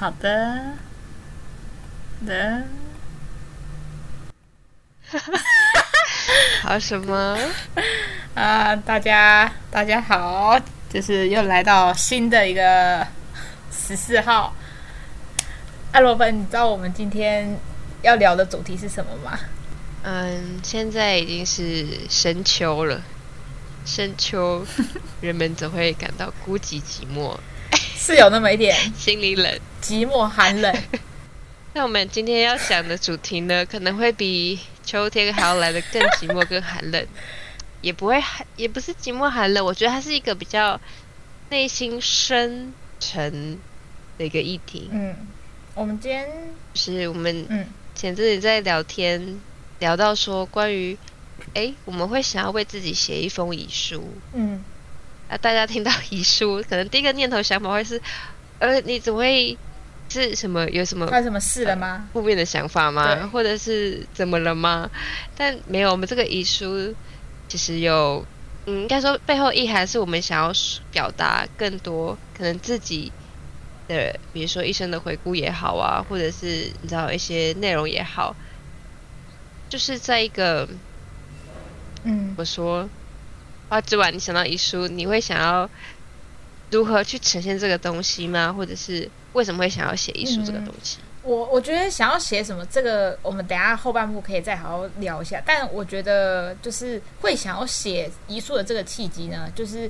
好的，好的， 好什麼？啊，大家大家好，就是又來到新的一個十四號。艾、啊、羅芬，你知道我們今天要聊的主題是什麼嗎？嗯，現在已經是深秋了，深秋 人們總會感到孤寂寂寞。是有那麼一點 心裡冷，寂寞寒冷。 那我們今天要講的主題呢，可能會比秋天還要來得更寂寞、更寒冷， 也不會，也不是寂寞寒冷。我覺得它是一個比較內心深沉的一個議題。嗯，我們今天、就是，我們嗯，前陣子在聊天、嗯、聊到說關，關於哎，我們會想要為自己寫一封遺書。嗯。啊！大家聽到遺書，可能第一個念頭想法會是：呃，你怎麼會是什麼？有什麼出什麼事了嗎？負面的想法嗎？或者是怎麼了嗎？但沒有，我們這個遺書其實有，嗯，應該說背後意涵，是我們想要表達更多，可能自己的，比如說一生的回顧也好啊，或者是你知道一些內容也好，就是在一個，嗯，怎麼說？哇，之外你想到遺書，你會想要如何去呈現這個東西嗎？或者是為什麼會想要寫遺書這個東西？嗯，我我覺得想要寫什麼這個，我們等下後半部可以再好好聊一下。但我覺得就是會想要寫遺書的這個契機呢，就是，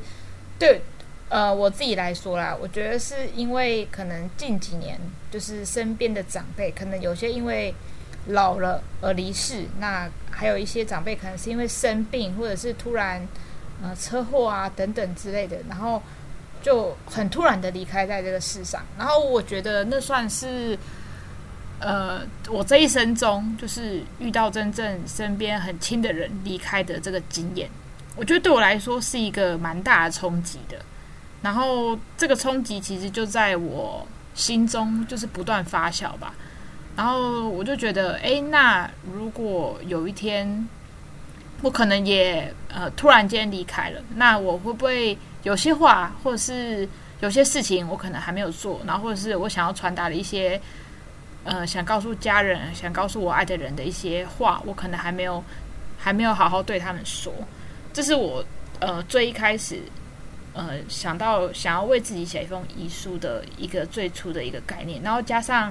對，呃，我自己來說啦，我覺得是因為可能近幾年就是身邊的長輩，可能有些因為老了而離世，那還有一些長輩可能是因為生病或者是突然。呃，車禍啊，等等之類的，然後就很突然的離開在這個世上。然後我覺得那算是，呃，我這一生中就是遇到真正身邊很親的人離開的這個經驗，我覺得對我來說是一個蠻大的衝擊的。然後這個衝擊其實就在我心中就是不斷發酵吧。然後我就覺得，誒，那如果有一天。我可能也呃突然間離開了，那我會不會有些話，或者是有些事情，我可能還沒有做，然後或者是我想要傳達的一些呃想告訴家人、想告訴我愛的人的一些話，我可能還沒有還沒有好好對他們說。這是我呃最一開始呃想到想要為自己寫一封遺書的一個最初的一個概念，然後加上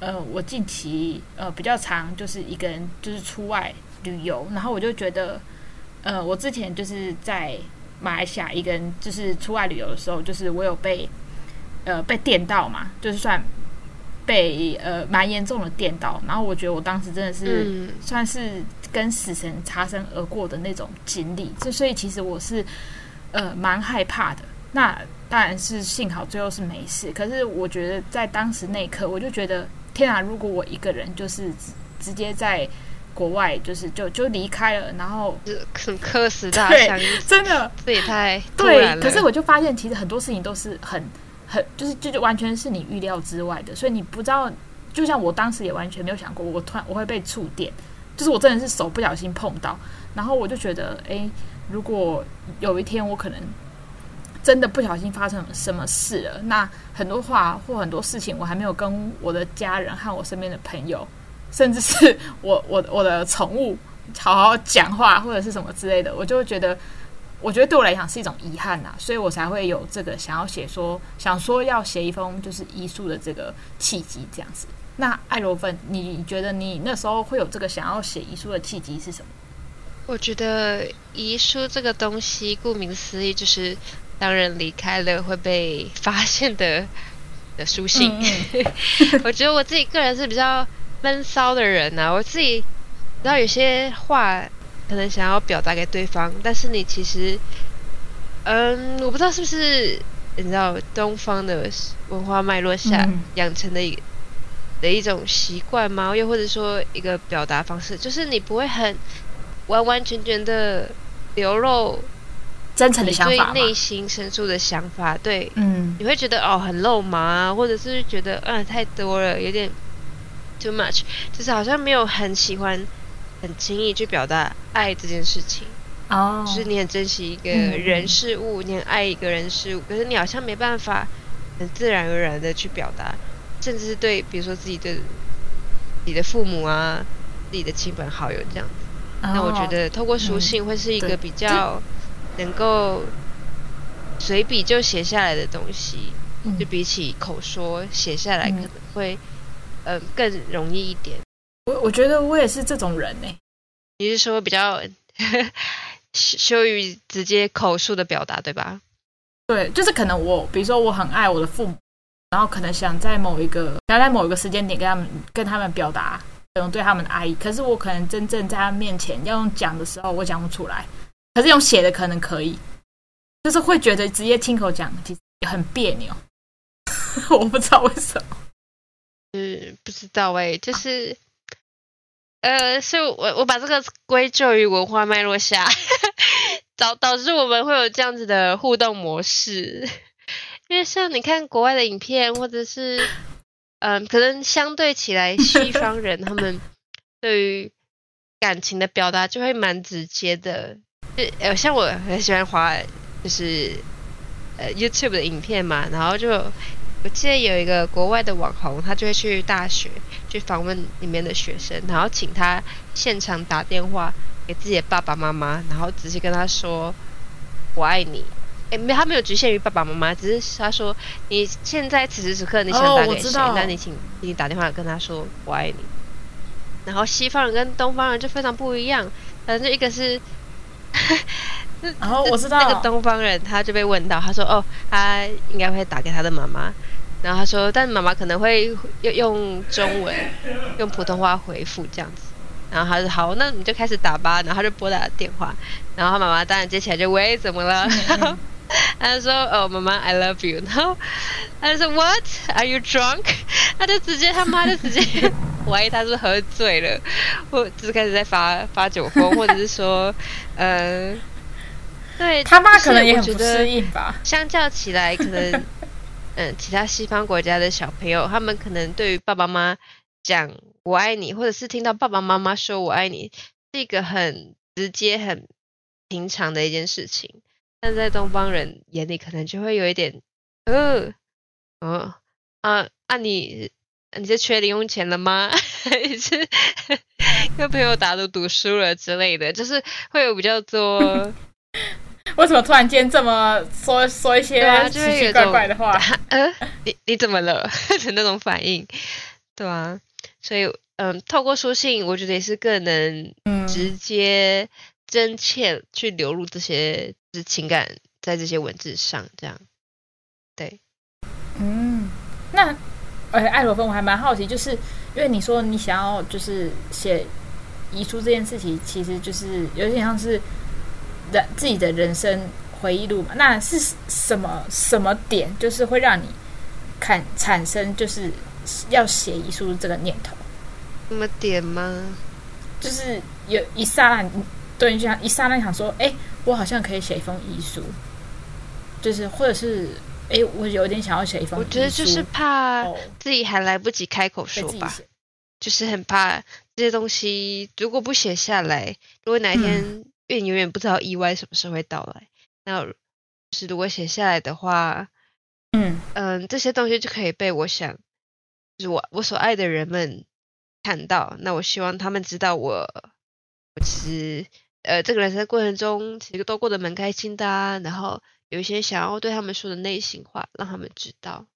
呃我近期呃比較常就是一個人就是出外旅遊，然後我就覺得，呃，我之前就是在馬來西亞一個人，就是出外旅遊的時候，就是我有被，呃，被電到嘛，就是算被呃蠻嚴重的電到，然後我覺得我當時真的是算是跟死神擦身而過的那種經歷，這、嗯、所以其實我是呃蠻害怕的。那當然是幸好最後是沒事，可是我覺得在當時那一刻，我就覺得天哪！如果我一個人就是直接在國外就是就就離開了，然後就麼客死他鄉，真的這也太對，可是我就發現，其實很多事情都是很很就是就就完全是你預料之外的，所以你不知道。就像我當時也完全沒有想過，我突然我會被觸電，就是我真的是手不小心碰到，然後我就覺得，誒、欸，如果有一天我可能真的不小心發生什麼事了，那很多話或很多事情我還沒有跟我的家人和我身邊的朋友。甚至是我我我的寵物好好講話或者是什麼之類的，我就會覺得，我覺得對我來講是一種遺憾吶、啊，所以我才會有這個想要寫說想說要寫一封就是遺書的這個契機這樣子。那艾羅芬，你覺得你那時候會有這個想要寫遺書的契機是什麼？我覺得遺書這個東西，顧名思義就是當人離開了會被發現的的書信。嗯、 我覺得我自己個人是比較。悶騷的人吶、啊，我自己，知道有些話可能想要表達給對方，但是你其實，嗯，我不知道是不是你知道東方的文化脈絡下養成的一個、嗯、的一種習慣嗎？又或者說一個表達方式，就是你不會很完完全全的流露真誠的想法，內心深處的想法、的想法，對，嗯，你會覺得哦很肉麻，或者是覺得啊太多了，有點。Too much，就是好像沒有很喜歡，很輕易去表達愛這件事情。哦、oh.，就是你很珍惜一個人事物，mm -hmm. 你很愛一個人事物，可是你好像沒辦法很自然而然的去表達，甚至是對比如說自己對，你的父母啊，自己的親朋好友這樣子。Oh. 那我覺得透過書信會是一個比較能夠隨筆就寫下來的東西，mm -hmm. 就比起口說寫下來可能會。呃，更容易一點。我我覺得我也是這種人呢、欸。你是說比較羞羞於直接口述的表達，對吧？對，就是可能我，比如說我很愛我的父母，然後可能想在某一個想在某一個時間點跟他們跟他們表達，可能對他們的愛意。可是我可能真正在他面前要用講的時候，我講不出來。可是用寫的可能可以，就是會覺得直接親口講其實很別扭。 我不知道為什麼。嗯，不知道哎，就是，呃，是我我把這個歸咎於文化脈絡下，呵呵導導致我們會有這樣子的互動模式，因為像你看國外的影片或者是，嗯、呃，可能相對起來，西方人他們對於感情的表達就會蠻直接的，呃，像我很喜歡華，就是呃 YouTube 的影片嘛，然後就。我記得有一個國外的網紅，他就會去大學去訪問裡面的學生，然後請他現場打電話給自己的爸爸媽媽，然後直接跟他說“我愛你”。欸，沒，他沒有局限於爸爸媽媽，只是他說你現在此時此刻你想打給誰？哦，那你請，請你打電話跟他說“我愛你”。然後西方人跟東方人就非常不一樣，反正就一個是。 然後我知道那個東方人，他就被問到，他說：“哦，他應該會打給他的媽媽。”然後他說：“但媽媽可能會用中文，用普通話回復這樣子。”然後他說：“好，那你就開始打吧。”然後他就撥打了電話。然後他媽媽當然接起來就：“喂，怎麼了？”然後他就說：“ 哦，媽媽，I love you。”然後，他就說 ：“What are you drunk？” 他就直接他媽就直接懷疑 他是不是喝醉了，或就是開始在發發酒瘋，或者是說，嗯、呃。對他媽可能也很、就是、覺得，相較起來，可能 嗯，其他西方國家的小朋友，他們可能對於爸爸媽講“我愛你”，或者是聽到爸爸媽媽說我愛你，是一個很直接、很平常的一件事情。但在東方人眼裡，可能就會有一點，嗯、哦，嗯、哦、啊啊，啊你你是缺零用錢了嗎？ 你是跟朋友打賭賭輸了之類的，就是會有比較多。 為什麼突然間這麼說說一些、啊、就奇奇怪怪的話？啊、呃，你你怎麼了？是 那種反應，對啊。所以，嗯，透過書信，我覺得也是更能直接真切去流露這些情感，在這些文字上，這樣。對，嗯，那而且、欸、艾羅芬，我還蠻好奇，就是因為你說你想要就是寫遺書這件事情，其實就是有點像是。的，自己的人生回憶錄嘛？那是什麼什麼點？就是會讓你看產生就是要寫遺書這個念頭。什麼點嗎？就是有一霎那，突一想一霎那想說，哎、欸，我好像可以寫一封遺書，就是或者是哎、欸，我有點想要寫一封遺書。我覺得就是怕自己還來不及開口說吧，哦、就是很怕這些東西如果不寫下來，如果哪天、嗯。因為你永遠不知道意外什麼時候會到來，那就是如果寫下來的話，嗯嗯、呃，這些東西就可以被我想，就是我我所愛的人們看到。那我希望他們知道我，我其實呃這個人生過程中其實都過得蠻開心的，啊，然後有一些想要對他們說的內心話，讓他們知道。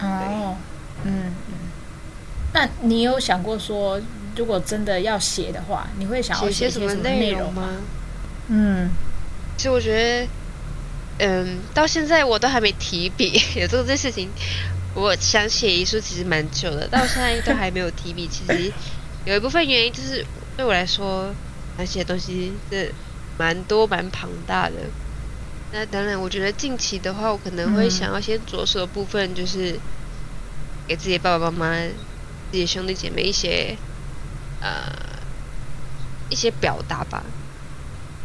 哦。那你有想過說，如果真的要寫的話，你會想要寫什麼內容嗎？嗯，其實我覺得，嗯，到現在我都還沒提筆。有做這事情，我想寫遺書其實蠻久的，到現在都還沒有提筆。 其實有一部分原因就是，對我來說，想寫的東西是蠻多蠻龐大的。那當然，我覺得近期的話，我可能會想要先着手的部分，就是給自己的爸爸媽媽。自己兄弟姐妹一些，呃，一些表達吧。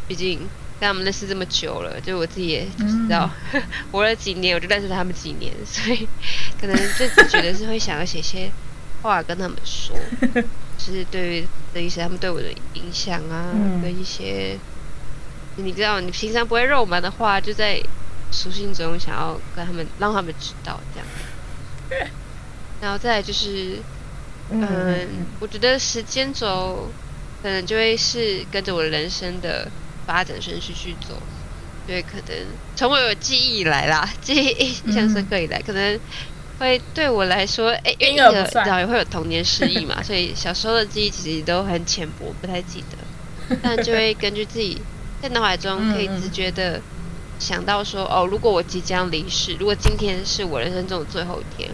畢竟跟他們認識這麼久了，就我自己也知道，嗯、 活了幾年我就認識他們幾年，所以可能就只覺得是會想要寫些話跟他們說， 就是對於的一些他們對我的影響啊，嗯，跟一些你知道，你平常不會肉麻的話，就在書信中想要跟他們讓他們知道這樣。然後再來就是。嗯，嗯，我覺得時間軸可能就會是跟着我的人生的發展順序去走，因為可能從我有記憶以來啦，記憶印象深刻以來，可能會對我來說，哎、欸，因為那個導演會有童年失憶嘛， 所以小時候的記憶其實都很淺薄，不太記得，但就會根據自己在腦海中可以直覺的想到說嗯嗯，哦，如果我即將離世，如果今天是我人生中的最後一天，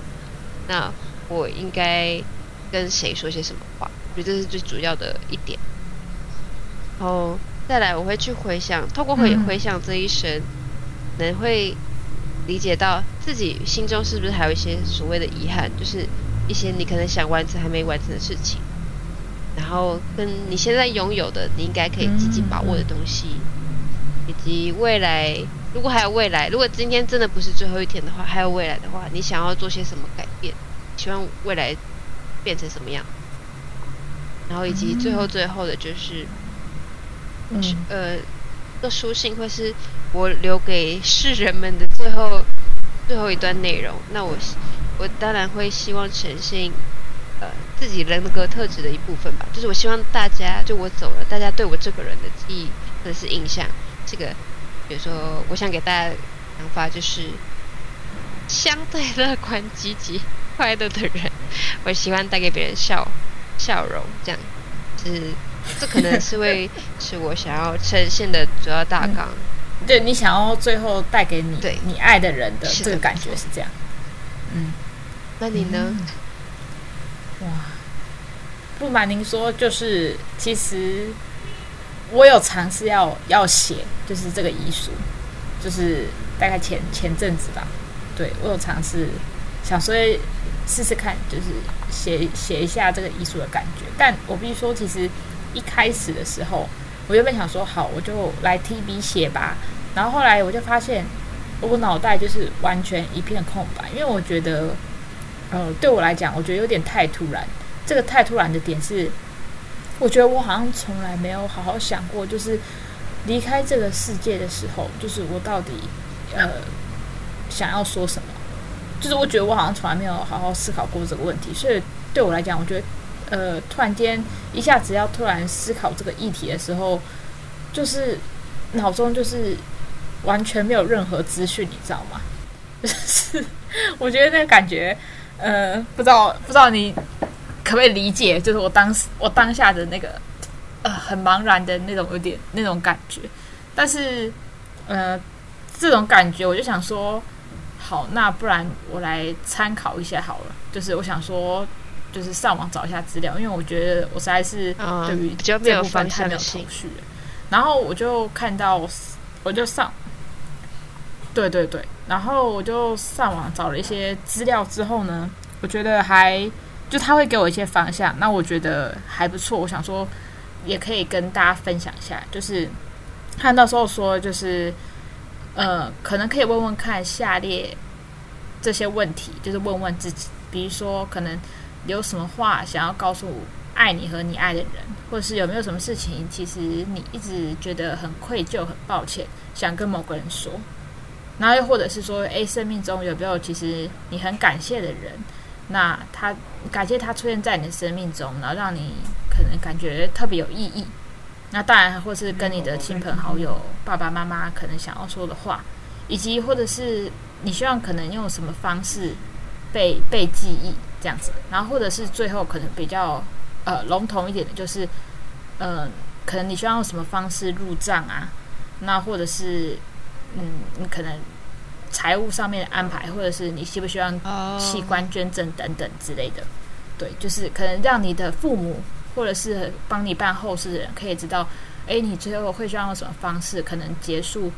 那我應該。跟誰說些什麼話？我覺得這是最主要的一點。然後再來，我會去回想，透過回回想這一生，能會理解到自己心中是不是還有一些所謂的遺憾，就是一些你可能想完成還沒完成的事情。然後跟你現在擁有的，你應該可以積極把握的東西，以及未來，如果還有未來，如果今天真的不是最後一天的話，還有未來的話，你想要做些什麼改變？希望未來。變成什麼樣，然後以及最後最後的就是，嗯、呃，這書信會是我留給世人們的最後最後一段內容。那我我當然會希望呈現呃自己人格特質的一部分吧。就是我希望大家就我走了，大家對我這個人的記憶或者是印象，這個比如說我想給大家想法就是，相對樂觀積極。快樂的人，我喜歡帶給別人笑笑容，這樣是這可能是為 是我想要呈現的主要大綱。嗯、對你想要最後帶給你對你愛的人的,的這個感覺是這樣。嗯，那你呢？嗯、哇，不瞞您說，就是其實我有嘗試要要寫，就是這個遺書，就是大概前前陣子吧。對我有嘗試想說。試試看，就是寫寫一下這個遺書的感覺。但我必須說，其實一開始的時候，我原本想說，好，我就來提筆寫吧。然後後來我就發現，我腦袋就是完全一片空白，因為我覺得，呃，對我來講，我覺得有點太突然。這個太突然的點是，我覺得我好像從來沒有好好想過，就是離開這個世界的時候，就是我到底呃想要說什麼。就是我覺得我好像從來沒有好好思考過這個問題，所以對我來講，我覺得呃，突然間一下子要突然思考這個議題的時候，就是腦中就是完全沒有任何資訊，你知道嗎？就是我覺得那個感覺，呃，不知道不知道你可不可以理解，就是我當時我當下的那個呃很茫然的那種有點那種感覺，但是呃這種感覺我就想說。好，那不然我來參考一下好了。就是我想說，就是上網找一下資料，因為我覺得我實在是對於這部分、嗯、太沒有頭緒了。然後我就看到，我就上，對對對，然後我就上網找了一些資料之後呢，我覺得還就他會給我一些方向，那我覺得還不錯。我想說也可以跟大家分享一下，就是他那時候說就是。呃，可能可以問問看下列這些問題，就是問問自己，比如說可能有什麼話想要告訴愛你和你愛的人，或者是有沒有什麼事情，其實你一直覺得很愧疚、很抱歉，想跟某個人說。然後又或者是說，誒，生命中有沒有其實你很感謝的人？那他感謝他出現在你的生命中，然後讓你可能感覺特別有意義。那當然，或是跟你的親朋好友、Oh, okay. 爸爸媽媽可能想要說的話，以及或者是你希望可能用什麼方式被被記憶這樣子，然後或者是最後可能比較呃籠統一點的就是，嗯、呃，可能你希望用什麼方式入賬啊？那或者是嗯，你可能財務上面的安排，或者是你希不希望器官捐贈等等之類的？Oh. 對，就是可能讓你的父母。或者是幫你辦後事的人，可以知道，誒、欸，你最後會需要用什麼方式，可能結束，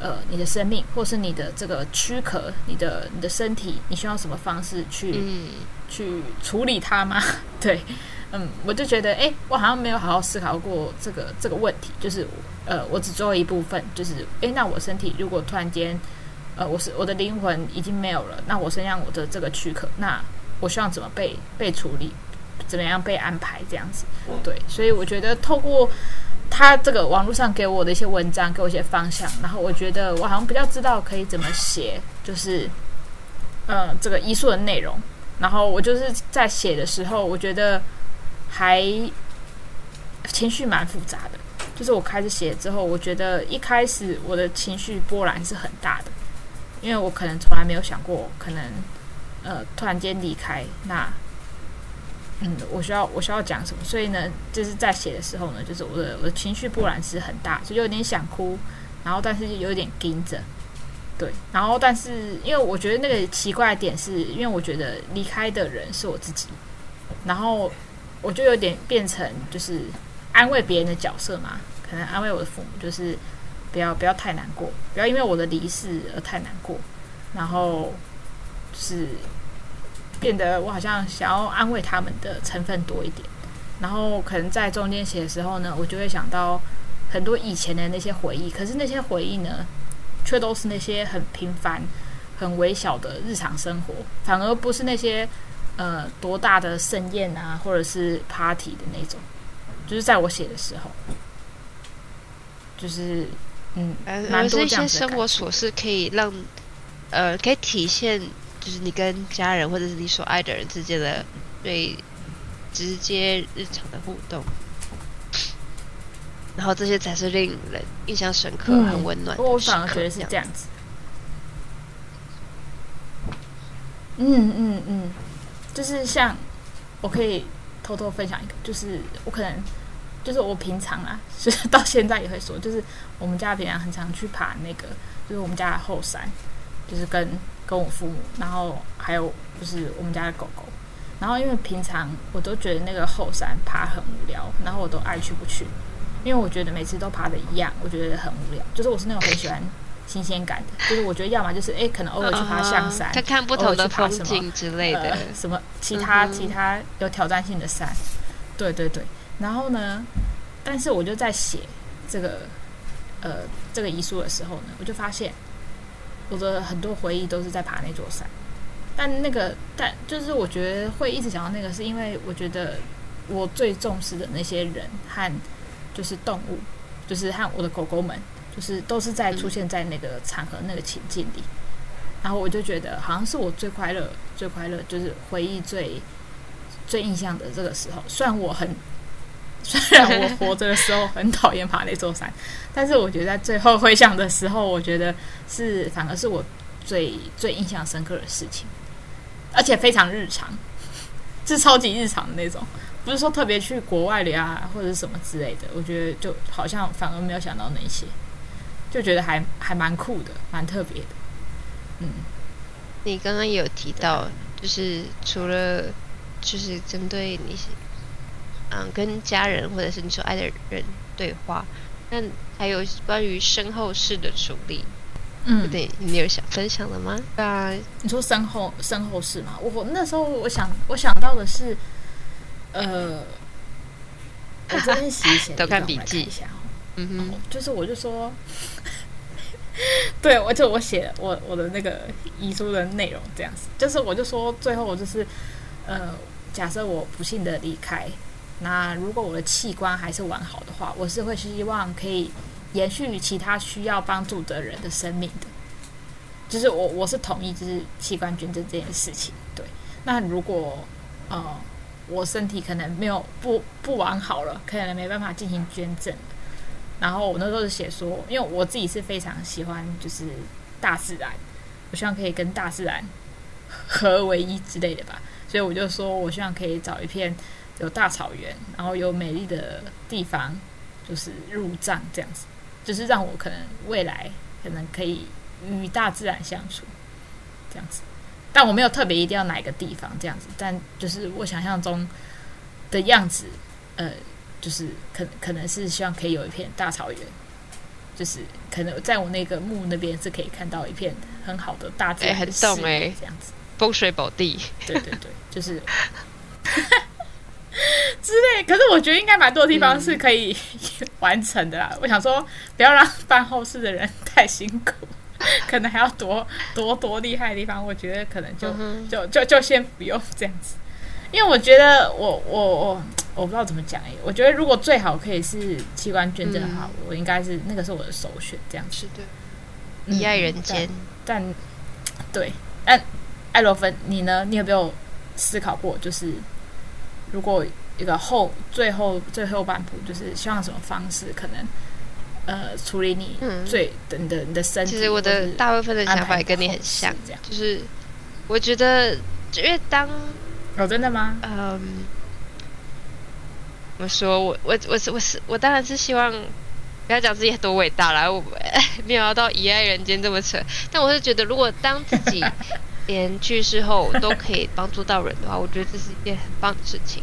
呃，你的生命，或是你的這個軀殼，你的你的身體，你需要什麼方式去、嗯、去處理它嗎？對，嗯，我就覺得，誒、欸，我好像沒有好好思考過這個這個問題，就是，呃，我只做一部分，就是，誒、欸，那我身體如果突然間，呃，我是我的靈魂已經沒有了，那我身上我的這個軀殼，那我希望怎麼被被處理？怎麼樣被安排這樣子，對，所以我覺得透過他這個網絡上給我的一些文章，給我一些方向，然後我覺得我好像比較知道可以怎麼寫，就是呃這個遺書的內容。然後我就是在寫的時候，我覺得還情緒蠻複雜的，就是我開始寫之後，我覺得一開始我的情緒波瀾是很大的，因為我可能從來沒有想過，可能呃突然間離開那。嗯，我需要我需要講什麼？所以呢，就是在寫的時候呢，就是我的我的情緒波瀾是很大，所以就有點想哭，然後但是有點盯着，對，然後但是因為我覺得那個奇怪的點是因為我覺得離開的人是我自己，然後我就有點變成就是安慰別人的角色嘛，可能安慰我的父母，就是不要不要太難過，不要因為我的離世而太難過，然後就是。變得我好像想要安慰他們的成分多一點，然後可能在中間寫的時候呢，我就會想到很多以前的那些回憶。可是那些回憶呢，卻都是那些很平凡、很微小的日常生活，反而不是那些呃多大的盛宴啊，或者是 party 的那種。就是在我寫的時候，就是嗯，蠻多一些生活瑣事可以讓呃，可以體現。就是你跟家人或者是你所愛的人之間的對直接日常的互動，然後這些才是令人印象深刻、很溫暖、嗯。我反而覺得是這樣子。嗯嗯嗯，嗯，就是像我可以偷偷分享一個，就是我可能就是我平常啊，就是到現在也會說，就是我們家平常很常去爬那個，就是我們家的後山，就是跟。跟我父母，然後還有就是我們家的狗狗，然後因為平常我都覺得那個後山爬很無聊，然後我都愛去不去，因為我覺得每次都爬的一樣，我覺得很無聊。就是我是那種很喜歡新鮮感的，就是我覺得要麼就是哎，可能偶爾去爬象山，他、oh, 看不同的風景什麼之類的、呃，什麼其他、嗯、其他有挑戰性的山。對對對，然後呢，但是我就在寫這個呃這個遺書的時候呢，我就發現。我的很多回憶都是在爬那座山，但那個但就是我覺得會一直想到那個，是因為我覺得我最重視的那些人和就是動物，就是和我的狗狗們，就是都是在出現在那個場合、嗯、那個情境裡，然後我就覺得好像是我最快樂最快樂就是回憶最最印象的這個時候，雖然我很。雖然我活着的時候很討厭爬那座山，但是我覺得在最後回想的時候，我覺得是反而是我最最印象深刻的事情，而且非常日常，是超級日常的那種，不是說特別去國外的啊或者是什麼之類的。我覺得就好像反而沒有想到那些，就覺得還還蠻酷的，蠻特別的。嗯，你剛剛有提到，就是除了就是針對那些。嗯，跟家人或者是你所愛的人對話，那還有關於身後事的處理，嗯，對，你有想分享的嗎？啊，你說身後身後事嗎？我那時候我想我想到的是，呃，嗯、我這邊洗洗、啊、寫寫，都看筆記看嗯哼、哦，就是我就說， 對我就我寫我我的那個遺書的內容這樣子，就是我就說最後我就是，呃，假設我不幸的離開。那如果我的器官還是完好的話，我是會希望可以延續其他需要幫助的人的生命的。就是我我是同意就是器官捐贈這件事情。對，那如果呃我身體可能沒有不不完好了，可能沒辦法進行捐贈。然後我那時候是寫說，因為我自己是非常喜歡就是大自然，我希望可以跟大自然合而為一之類的吧。所以我就說我希望可以找一片。有大草原，然後有美麗的地方，就是入葬這樣子，就是讓我可能未來可能可以與大自然相處這樣子。但我沒有特別一定要哪一個地方這樣子，但就是我想象中的樣子，呃，就是可能可能是希望可以有一片大草原，就是可能在我那個墓那邊是可以看到一片很好的大自然的，自、欸、哎，很懂哎，這樣子，風水寶地，對對對，就是。 之類，可是我覺得應該蠻多地方是可以、嗯、 完成的啦。我想說，不要讓辦後事的人太辛苦，可能還要多多多厲害的地方，我覺得可能就、嗯、就就就先不用這樣子。因為我覺得我，我我我我不知道怎麼講哎，我覺得如果最好可以是器官捐贈的話、嗯，我應該是那個是我的首選這樣子。是的，遺愛人間、嗯，但，但對，但艾羅芬，你呢？你有沒有思考過？就是。如果一個後最後最後半步就是希望什麼方式可能呃處理你最等等、嗯、的你的身體？其實我的大部分的想法也跟你很像，這樣就是我覺得，因為當、哦、真的嗎？嗯，我說我我我是我是我,我當然是希望不要講自己多偉大啦，我 沒有要到遺愛人間這麼扯。但我是覺得，如果當自己。 連去世後都可以幫助到人的話，我覺得這是一件很棒的事情。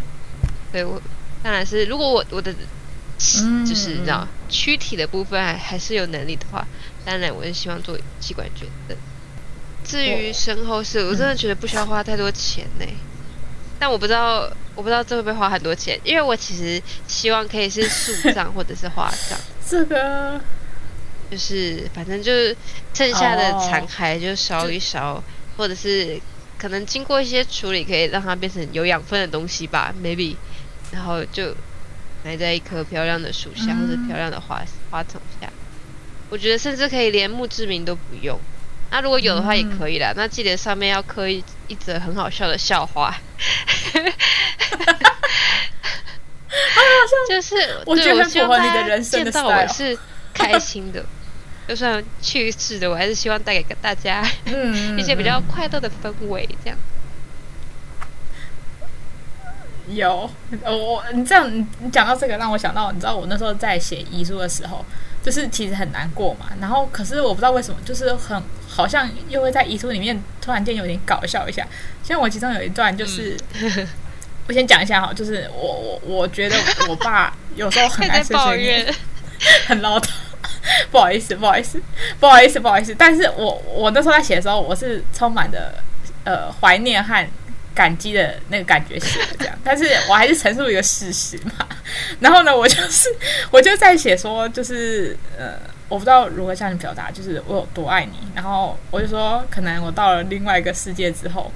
對我，當然是如果我我的，就是你知道，軀體的部分還還是有能力的話，當然我是希望做器官捐贈。至於身後事，我真的覺得不需要花太多錢呢、嗯。但我不知道，我不知道這會不會花很多錢，因為我其實希望可以是樹葬或者是花葬。 是的，就是反正就是剩下的殘骸就燒一燒、oh.。或者是可能經過一些處理，可以讓它變成有養分的東西吧，maybe，然後就埋在一棵漂亮的樹下、嗯、或者漂亮的花花叢下。我覺得甚至可以連墓誌銘都不用。那如果有的話也可以啦。嗯、那記得上面要刻一一則很好笑的笑話。哈哈哈哈哈！啊，這樣就是我對我喜歡你的人見到我 Style 是開心的。 就算去世的，我還是希望帶給大家一些比較快樂的氛圍，這樣。嗯、有我你這樣你你講到這個，讓我想到，你知道我那時候在寫遺書的時候，就是其實很難過嘛。然後可是我不知道為什麼，就是很好像又會在遺書裡面突然間有點搞笑一下。像我其中有一段就是，嗯、 我先講一下哈，就是我我我覺得我爸有時候很愛 抱怨， 很嘮叨。不好意思，不好意思，不好意思，不好意思，但是我我那時候在寫的時候，我是充滿着呃懷念和感激的那個感覺寫的這樣，但是我還是陳述一個事實嘛。然後呢，我就是我就在寫說，就是呃，我不知道如何向你表達，就是我有多愛你。然後我就說，可能我到了另外一個世界之後。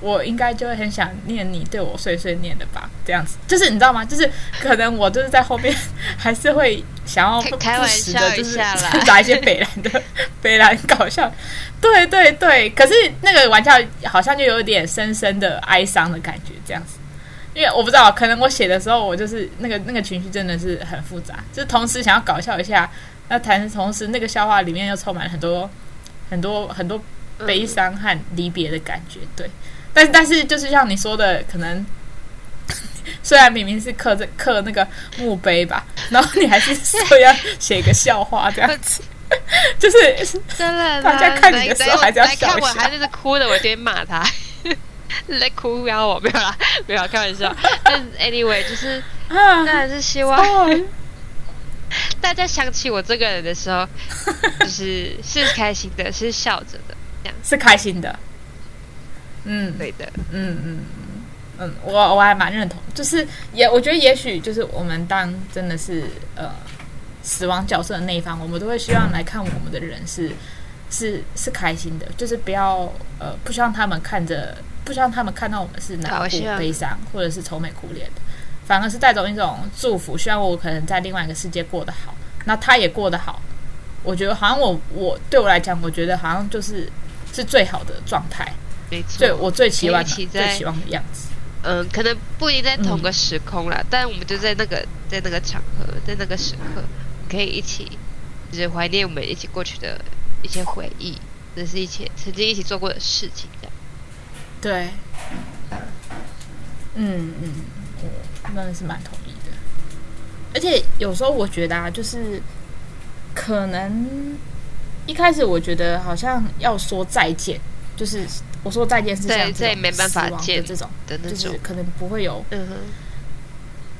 我應該就會很想念你對我碎碎念的吧，這樣子，就是你知道嗎？就是可能我就是在後面還是會想要不開玩笑，就是來找一些北爛的， 北爛搞笑，對對對。可是那個玩笑好像就有點深深的哀傷的感覺，這樣子，因為我不知道，可能我寫的時候我就是那個那個情緒真的是很複雜，就是同時想要搞笑一下，那談同時那個笑話裡面又充滿很多很多很多悲傷和離別的感覺，對。但但是，但是就是像你說的，可能雖然明明是刻着刻那個墓碑吧，然後你還是說要寫個笑話，這樣子 就是大家看你的時候還是要笑，笑。我，我，我，看我還在哭的，我就直接罵他，來 哭不要我，不要啦，不要開玩笑。但 anyway，就是那還是希望大家想起我這個人的時候，就是是開心的，是笑着的，這樣是開心的。嗯，對的，嗯嗯嗯，我我還蠻認同，就是也我覺得也許就是我們當真的是呃死亡角色的那一方，我們都會希望來看我們的人是、嗯、是是開心的，就是不要呃不希望他們看着不希望他們看到我們是難過悲傷或者是愁眉苦臉的，反而是帶走一種祝福，希望我可能在另外一個世界過得好，那他也過得好，我覺得好像我我對我來講，我覺得好像就是是最好的狀態。沒錯，對我最期望、最期望的樣子，嗯、呃，可能不一定在同個時空了，嗯，但我們就在那個、在那個場合、在那個時刻，我們可以一起，就是懷念我們一起過去的一些回憶，那、就是一起曾經一起做過的事情，這樣。對，嗯嗯，我真的是蠻同意的。而且有時候我覺得啊，就是可能一開始我覺得好像要說再見，就是。我說再見是這樣子，再也沒辦法見這種的那種，就是、可能不會有、嗯哼，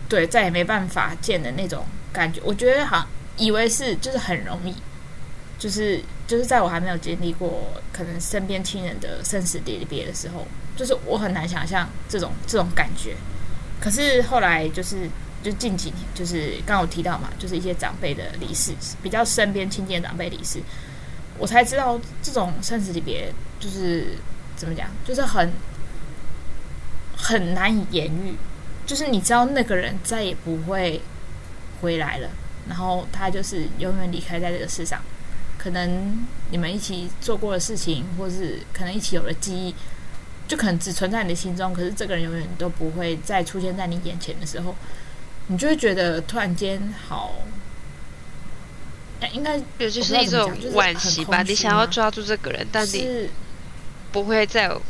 對，再也沒辦法見的那種感覺。我覺得好像以為是就是很容易，就是就是在我還沒有經歷過可能身邊親人的生死離別的時候，就是我很難想象這種這種感覺。可是後來就是就近幾年，就是剛剛我提到嘛，就是一些長輩的離世，比較身邊親近的長輩離世，我才知道這種生死離別就是。怎麼講？就是很很難以言喻，就是你知道那個人再也不會回來了，然後他就是永遠離開在這個世上。可能你們一起做過的事情，或是可能一起有的記憶，就可能只存在你的心中。可是這個人永遠都不會再出現在你眼前的時候，你就會覺得突然間好……哎，應該就是一種惋惜吧。你想要抓住這個人，但是。不會再有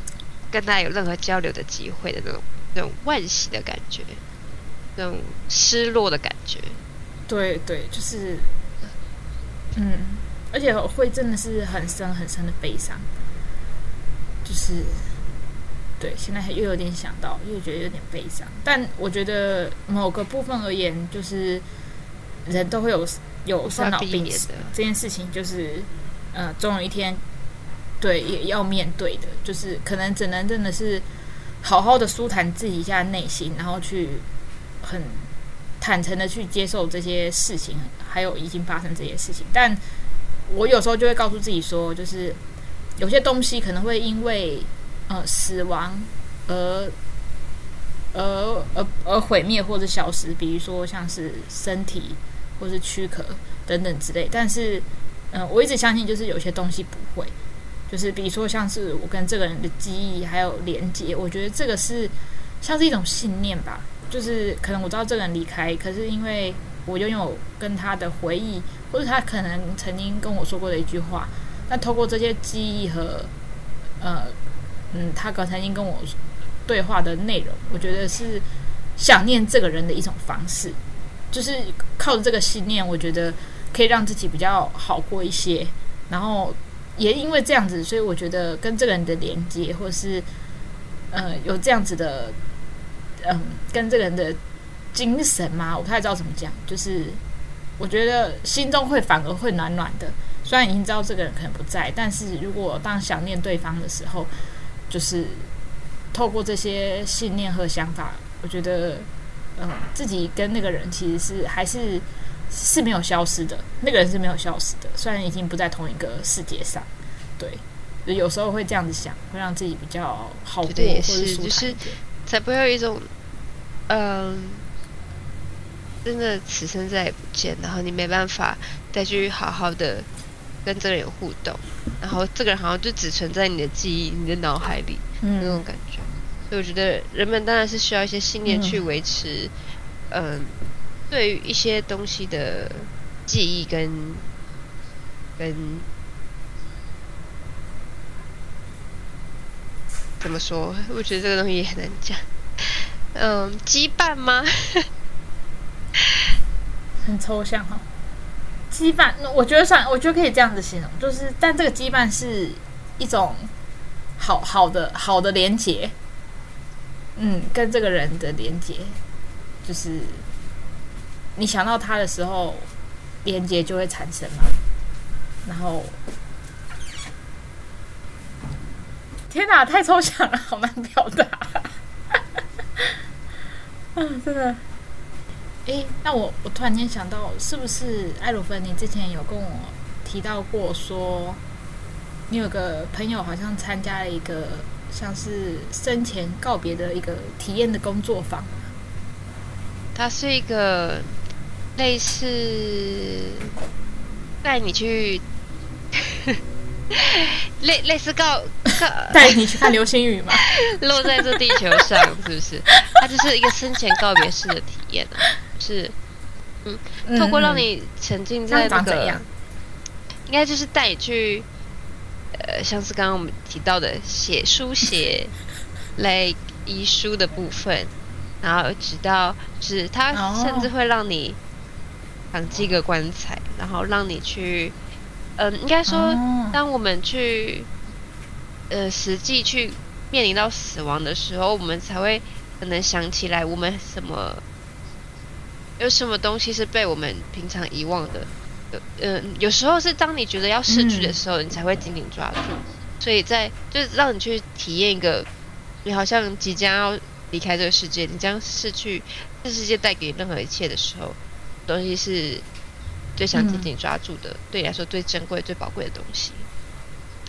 跟大家有任何交流的機會的那種、那種惋惜的感覺，那種失落的感覺。對對，就是，嗯，而且我會真的是很深很深的悲傷。就是，對，現在又有點想到，又覺得有點悲傷。但我覺得某個部分而言，就是人都會有有生老病死這件事情，就是，呃，總有一天。對，也要面對的，就是可能只能真的是好好的舒坦自己一下內心，然後去很坦誠的去接受這些事情，還有已經發生這些事情。但我有時候就會告訴自己說，就是有些東西可能會因為呃死亡而而而而毀滅或者消失，比如說像是身體或是軀殼等等之類。但是，嗯、呃，我一直相信，就是有些東西不會。就是比如說，像是我跟這個人的記憶還有連接，我覺得這個是像是一種信念吧。就是可能我知道這個人離開，可是因為我擁有跟他的回憶，或者他可能曾經跟我說過的一句話，那透過這些記憶和呃嗯，他曾經跟我對話的內容，我覺得是想念這個人的一種方式。就是靠着這個信念，我覺得可以讓自己比較好過一些，然後。也因為這樣子，所以我覺得跟這個人的連接，或是呃有這樣子的，嗯、呃，跟這個人的精神嘛，我不太知道怎麼講，就是我覺得心中會反而會暖暖的。雖然已經知道這個人可能不在，但是如果當想念對方的時候，就是透過這些信念和想法，我覺得嗯、呃，自己跟那個人其實是還是。是沒有消失的，那個人是沒有消失的，雖然已經不在同一個世界上。對，有時候會這樣子想，會讓自己比較好過，會舒坦一點，或者是就是才不會有一種，嗯、呃，真的此生再也不見，然後你沒辦法再去好好的跟這個人互動，然後這個人好像就只存在你的記憶、你的腦海裡、嗯、那種感覺。所以我覺得，人們當然是需要一些信念去維持，嗯。呃對於一些東西的記憶跟，跟跟怎麼說？我覺得這個東西也很難講。嗯，羈絆嗎？ 很抽象哈、哦。羈絆，那我覺得算，我覺得可以這樣子形容，就是，但這個羈絆是一種好好的好的連接。嗯，跟這個人的連接，就是。你想到他的時候，連接就會產生嘛。然後，天哪，啊，太抽象了，好難表達。嗯、 啊，真的。欸、那我我突然間想到，是不是艾羅芬，你之前有跟我提到過，說你有個朋友好像參加了一個像是生前告別的一個體驗的工作坊？他是一個。類似帶你去，類類似告告帶你去看流星雨嗎？落在這地球上是不是？ 它就是一個生前告別式的體驗啊，是嗯，透過讓你沉浸在那個，嗯、應該就是帶你去，呃，像是剛剛我們提到的寫書寫 來遺書的部分，然後直到就是它甚至會讓你、oh.。想寄個棺材，然後讓你去，嗯、呃，應該說，當我們去，呃，實際去面臨到死亡的時候，我們才會可能想起來，我們什麼有什麼東西是被我們平常遺忘的，有呃，有時候是當你覺得要逝去的時候，嗯、你才會緊緊抓住。所以在就是讓你去體驗一個，你好像即將要離開這個世界，你將失去這個、世界帶給你任何一切的時候。東西是最想緊緊抓住的，嗯，對你來說最珍貴、最寶貴的東西。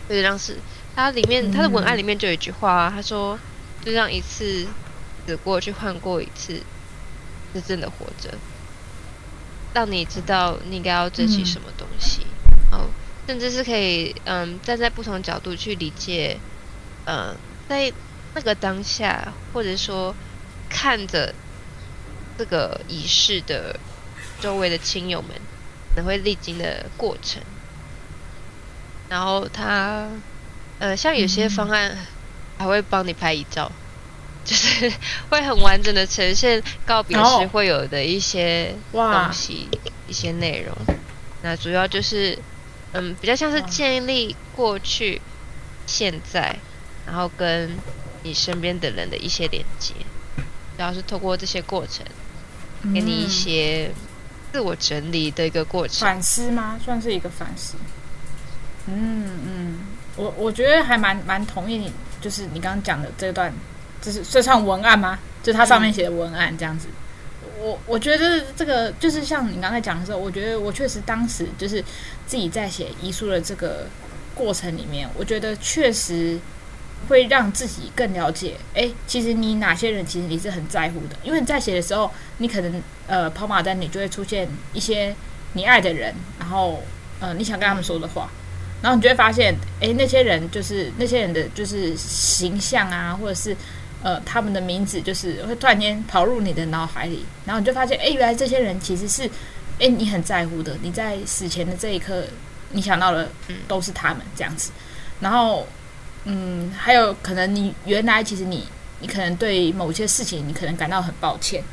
所以當時它裡面它、嗯、的文案裡面就有一句話，啊，他說：“就讓一次死過去換過一次，真正的活着，讓你知道你應該要珍惜什麼東西。嗯”哦，甚至是可以嗯，站在不同角度去理解，嗯，在那個當下，或者說看着這個儀式的。周圍的親友們，可能會歷經的過程。然後他，呃，像有些方案還會幫你拍遺照、嗯，就是會很完整的呈現告別時會有的一些東西、oh. 一些東西、一些內容。那主要就是，嗯，比較像是建立過去、現在，然後跟你身邊的人的一些連接，然後是透過這些過程，給你一些。嗯自我整理的一個過程，反思嗎？算是一個反思。嗯嗯，我我覺得還蠻蠻同意你，就是你剛剛講的這段，就是這串文案嗎？就他上面寫的文案這樣子。嗯。我我覺得這個就是像你剛才講的時候，我覺得我確實當時就是自己在寫遺書的這個過程裡面，我覺得確實。會讓自己更了解，誒，其實你哪些人其實你是很在乎的，因為你在寫的時候，你可能呃跑馬燈你就會出現一些你愛的人，然後呃你想跟他們說的話，然後你就會發現，哎，那些人就是那些人的就是形象啊，或者是呃他們的名字，就是會突然間跑入你的腦海裡，然後你就發現，哎，原來這些人其實是，哎，你很在乎的，你在死前的這一刻，你想到的都是他們、嗯、這樣子，然後。嗯，還有可能你原來其實你你可能對某些事情你可能感到很抱歉，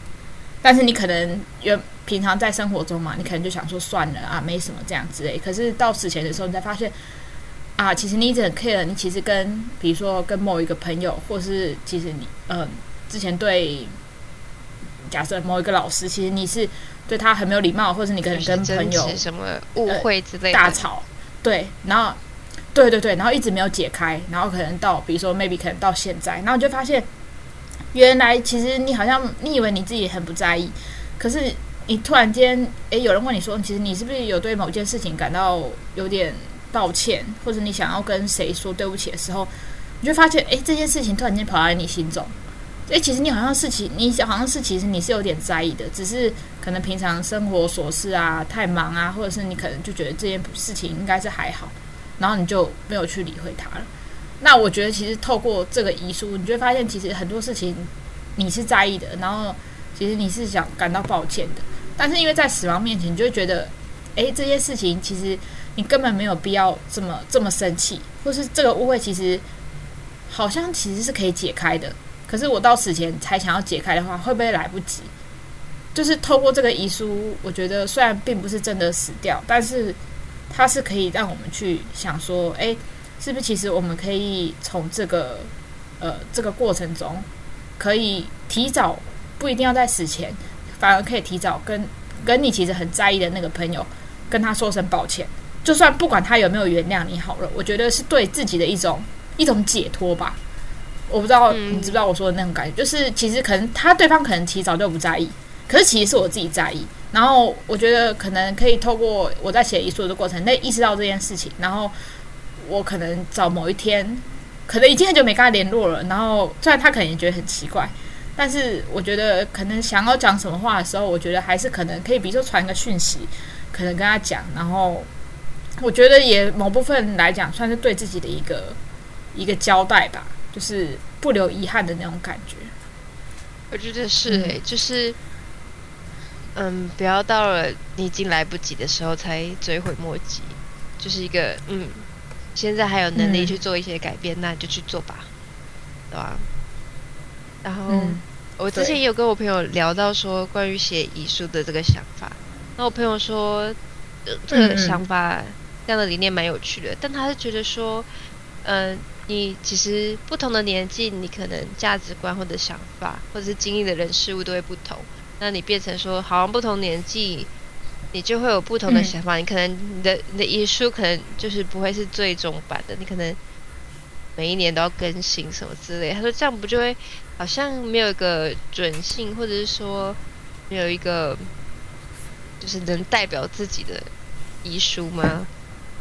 但是你可能原平常在生活中嘛，你可能就想說算了啊，沒什麼這樣之類。可是到死前的時候，你才發現啊，其實你一直很 care，你其實跟比如說跟某一個朋友，或是其實你嗯、呃、之前對假設某一個老師，其實你是對他很沒有禮貌，或是你可能跟朋友是什麼誤會之類的、呃、大吵，對，然後。對對對，然後一直沒有解開，然後可能到比如說 maybe 可能到現在，然後你就發現原來其實你好像你以為你自己很不在意，可是你突然間，誒，有人問你說，其實你是不是有對某件事情感到有點抱歉，或者你想要跟誰說對不起的時候，你就發現，誒，這件事情突然間跑在你心中，誒，其實你好像是其你好像是其實你是有點在意的，只是可能平常生活瑣事啊，太忙啊，或者是你可能就覺得這件事情應該是還好。然後你就沒有去理會他了。那我覺得，其實透過這個遺書，你就會發現，其實很多事情你是在意的。然後，其實你是想感到抱歉的。但是，因為在死亡面前，你就會覺得，哎，這些事情其實你根本沒有必要這麼這麼生氣，或是這個誤會其實好像其實是可以解開的。可是，我到死前才想要解開的話，會不會來不及？就是透過這個遺書，我覺得雖然並不是真的死掉，但是。它是可以讓我們去想說，哎、欸，是不是其實我們可以從這個呃這個過程中，可以提早，不一定要在死前，反而可以提早跟跟你其實很在意的那個朋友跟他說聲抱歉，就算不管他有沒有原諒你好了，我覺得是對自己的一種一種解脫吧。我不知道你知不知道我說的那種感覺、嗯，就是其實可能他對方可能提早就不在意。可是，其實是我自己在意。然後，我覺得可能可以透過我在寫遺書的過程那意識到這件事情。然後，我可能找某一天，可能已經很久沒跟他聯絡了。然後，雖然他可能也覺得很奇怪，但是我覺得可能想要講什麼話的時候，我覺得還是可能可以，比如說傳個訊息，可能跟他講。然後，我覺得也某部分來講，算是對自己的一個一個交代吧，就是不留遺憾的那種感覺。我覺得是、欸，就是。嗯，不要到了你已經來不及的時候才追悔莫及，就是一個嗯，現在還有能力去做一些改變，嗯、那你就去做吧，對、嗯、吧？然後、嗯、我之前也有跟我朋友聊到說關於寫遺書的這個想法，那我朋友說這個、呃、想法這樣的理念蠻有趣的嗯嗯，但他是覺得說，嗯、呃，你其實不同的年紀，你可能價值觀或者想法或者是經歷的人事物都會不同。那你變成說，好像不同年紀，你就會有不同的想法。你可能你的你的遺書可能就是不會是最終版的，你可能每一年都要更新什麼之類。他說這樣不就會好像沒有一個準信，或者是說沒有一個就是能代表自己的遺書嗎？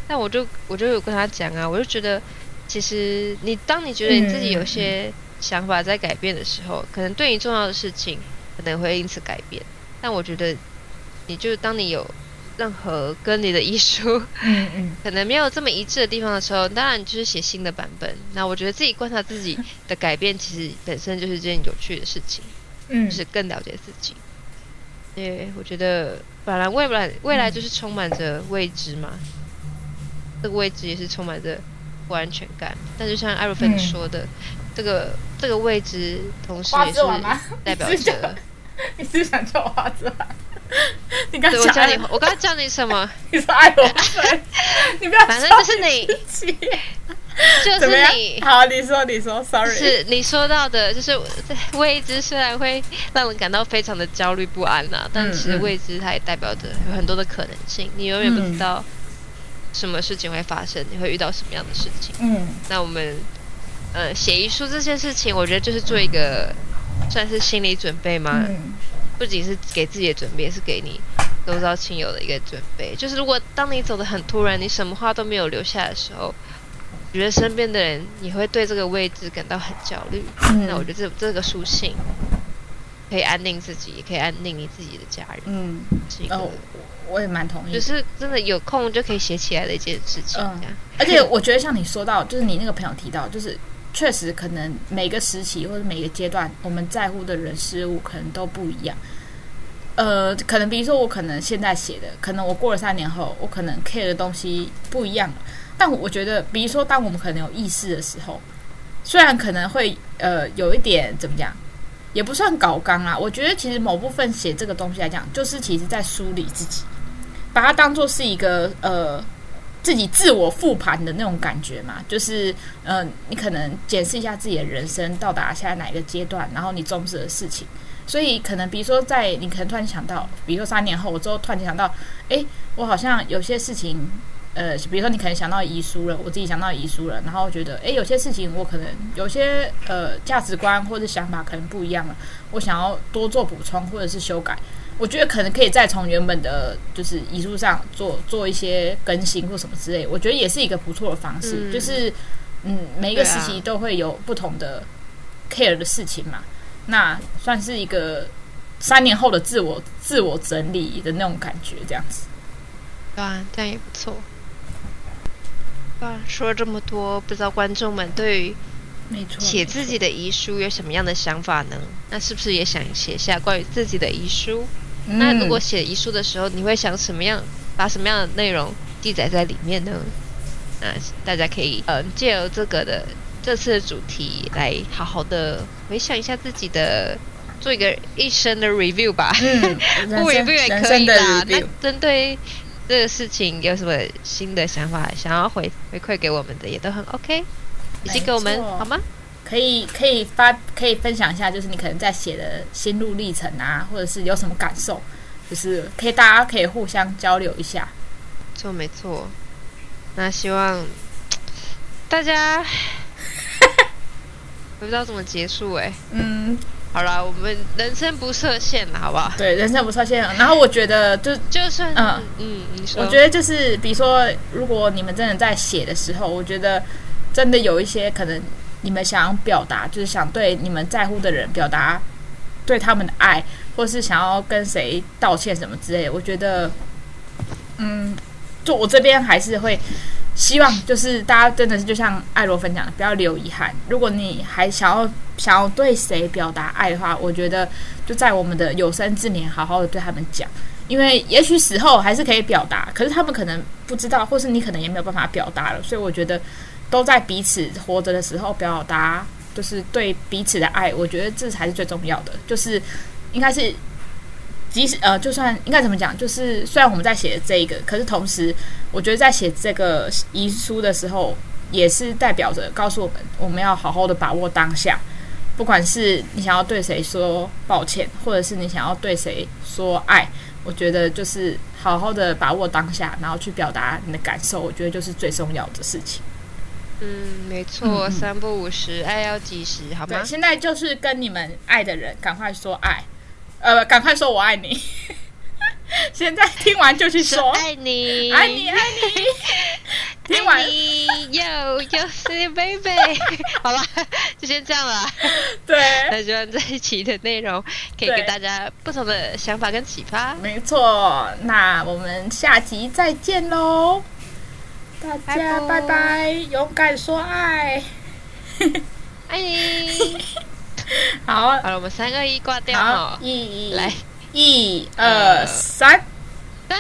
但我就我就有跟他講啊，我就覺得其實你當你覺得你自己有些想法在改變的時候，可能對你重要的事情。可能會因此改變，但我覺得，你就當你有任何跟你的遺書可能沒有這麼一致的地方的時候，當然就是寫新的版本。那我覺得自己觀察自己的改變，其實本身就是件有趣的事情，就是更了解自己。嗯、對，我覺得本來未來未來就是充滿着未知嘛、嗯，這個未知也是充滿着不安全感。但就像艾瑞芬說的。嗯這個這個未知，同時也是代表着、啊，你是不是想叫花子來？你剛才我叫你， 我剛才叫你什麼？ 你說愛我 你不要。反正就是你， 就是你。好，你說你說，sorry。就是你說到的，就是未知雖然會讓人感到非常的焦慮不安啦、啊嗯嗯，但其實未知它也代表着有很多的可能性，你永遠不知道什麼事情會發生，你會遇到什麼樣的事情。嗯，那我們。呃、嗯，寫遺書這件事情，我覺得就是做一個算是心理準備嗎、嗯？不僅是給自己的準備，是給你周遭親友的一個準備。就是如果當你走得很突然，你什麼話都沒有留下的時候，我覺得身邊的人也會對這個位置感到很焦慮。那、嗯、我覺得這這個書信可以安定自己，也可以安定你自己的家人。嗯，是一個。哦，我也蠻同意。就是真的有空就可以寫起來的一件事情這樣。嗯，而且我覺得像你說到，就是你那個朋友提到，就是。確實，可能每個時期或者每個階段，我們在乎的人事物可能都不一樣。呃，可能比如說我可能現在寫的，可能我過了三年後，我可能 care 的東西不一樣。但我覺得，比如說，當我們可能有意識的時候，雖然可能會呃有一點怎麼講，也不算搞剛啊。我覺得其實某部分寫這個東西來講，就是其實在梳理自己，把它當作是一個呃。自己自我復盤的那種感覺嘛，就是，嗯、呃，你可能檢視一下自己的人生到達現在哪一個階段，然後你重視的事情，所以可能比如說在你可能突然想到，比如說三年後，我之後突然想到，哎、欸，我好像有些事情，呃，比如說你可能想到遺書了，我自己想到遺書了，然後我覺得，哎、欸，有些事情我可能有些呃價值觀或者想法可能不一樣了，我想要多做補充或者是修改。我覺得可能可以再從原本的，就是遺書上做做一些更新或什麼之類，我覺得也是一個不錯的方式，嗯。就是，嗯，每一個時期都會有不同的 care 的事情嘛，啊、那算是一個三年後的自我自我整理的那種感覺，這樣子。啊，這樣也不錯。啊，說了這麼多，不知道觀眾們對於寫自己的遺書有什麼樣的想法呢？那是不是也想寫下關於自己的遺書？那如果寫遺書的時候，你會想什麼樣，把什麼樣的內容記載在裡面呢？啊，大家可以呃借由這個的這次的主題來好好的回想一下自己的，做一個一生的 review 吧。嗯、 不 review 也可以的啦，那針對這個事情有什麼新的想法，想要回回饋給我們的也都很 OK，已經給我們好嗎？可以可以發可以分享一下，就是你可能在寫的心路歷程啊，或者是有什麼感受，就是可以大家可以互相交流一下。就沒錯。那希望大家， 我不知道怎麼結束哎、欸。嗯，好了，我們人生不設限，好不好？對，人生不設限。然後我覺得就，就就算是嗯嗯，你說，我覺得就是，比如說，如果你們真的在寫的時候，我覺得真的有一些可能。你們想要表達，就是想對你們在乎的人表達對他們的愛，或是想要跟誰道歉什麼之類的。我覺得，嗯，就我這邊還是會希望，就是大家真的是就像艾羅芬講的，不要留遺憾。如果你還想要想要對誰表達愛的話，我覺得就在我們的有生之年好好的對他們講，因為也許死後還是可以表達，可是他們可能不知道，或是你可能也沒有辦法表達了。所以我覺得。都在彼此活着的時候表達，就是對彼此的愛。我覺得這才是最重要的。就是應該是，即使呃，就算應該怎麼講，就是雖然我們在寫這一個，可是同時，我覺得在寫這個遺書的時候，也是代表着告訴我們，我們要好好的把握當下。不管是你想要對誰說抱歉，或者是你想要對誰說愛，我覺得就是好好的把握當下，然後去表達你的感受。我覺得就是最重要的事情。嗯，沒錯、嗯，三不五時，愛要及時，好不好？對，現在就是跟你們愛的人趕快說愛，呃，趕快說我愛你。 現在聽完就去說是愛你，愛你，愛你，愛你。聽完又又是 baby， 好了，就先這樣了。對，那希望這一期的內容可以給大家不同的想法跟啟發。沒錯，那我們下集再見嘍。大家拜拜，Hello. 勇敢說愛，愛 你 Hi. 好，好了，我們三個一掛掉，一一來，一二三，三。